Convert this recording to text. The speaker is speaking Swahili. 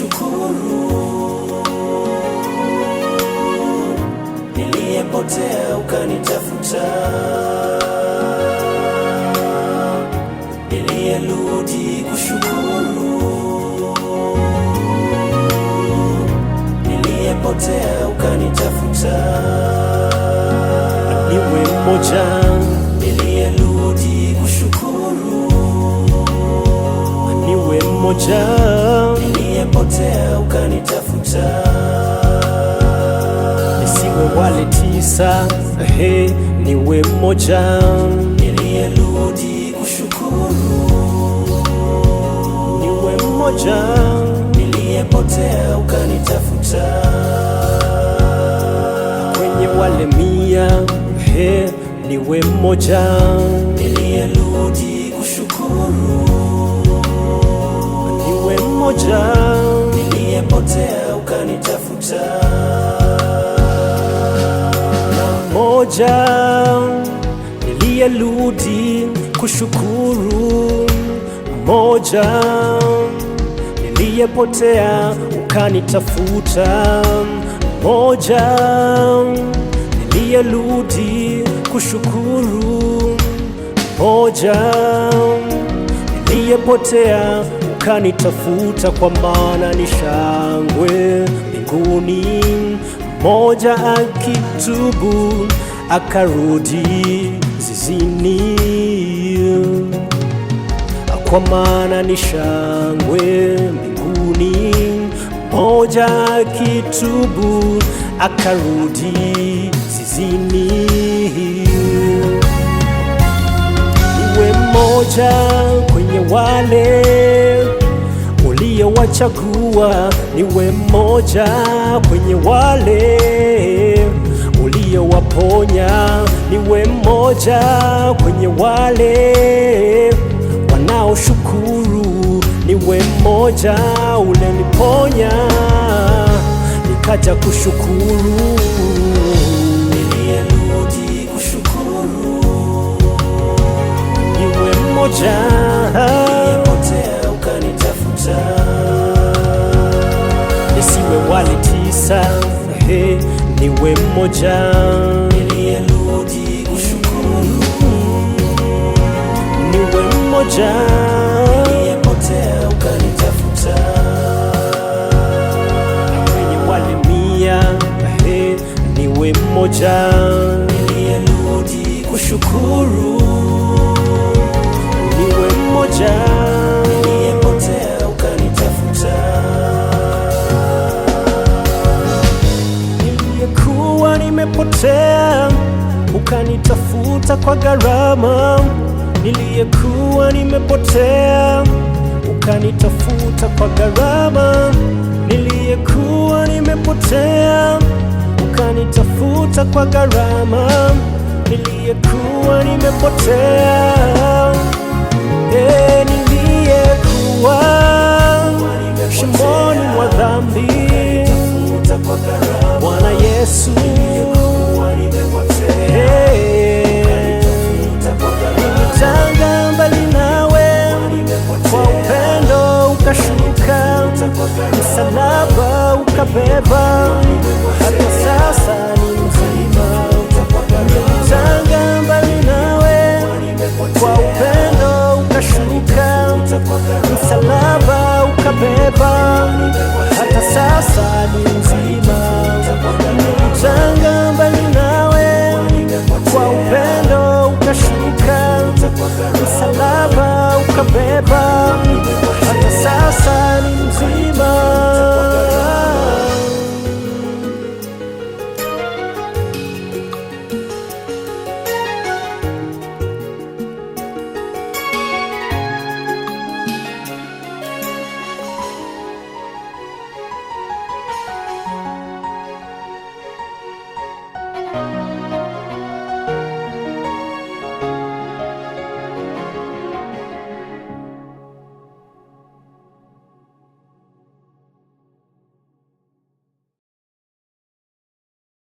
nikushukuru, niliyepotea ukanitafuta, niliyeludi kushukuru, niliyepotea ukanitafuta, mmoja, niliyeludi kushukuru, niwe mmoja sasa, he ni mmoja niliyerudi kushukuru, niwe mmoja niliyepotea ukanitafuta kwenye wale mia, he niwe mmoja niliyerudi kushukuru, niwe we mmoja moja niliyerudi kushukuru, moja niliyepotea ukanitafuta, moja niliyerudi kushukuru, moja niliyepotea ukanitafuta, kwa maana ni shangwe mbinguni, moja akitubu akarudi zizini, kwa maana ni shangwe mbinguni, mmoja kitubu akarudi zizini. Iwe mmoja kwenye wale uliowachagua, niwe mmoja kwenye wale uliyowaponya niwe mmoja kwenye wale wanaoshukuru, niwe mmoja uleniponya nikaja kushukuru moja nisiwe wale tisa niwe mmoja niliyerudi kushukuru, niwe mmoja niliyepotea ukanitafuta, wenye wale mia he, niwe mmoja niliyerudi kushukuru, niwe mmoja nilipotea ukanitafuta kwa gharama, niliyekuwa nimepotea ukanitafuta kwa gharama, niliyekuwa nimepotea ukanitafuta kwa gharama, niliyekuwa nimepotea hey, ee, niliyekuwa shimoni mwa dhambi, Bwana Yesu above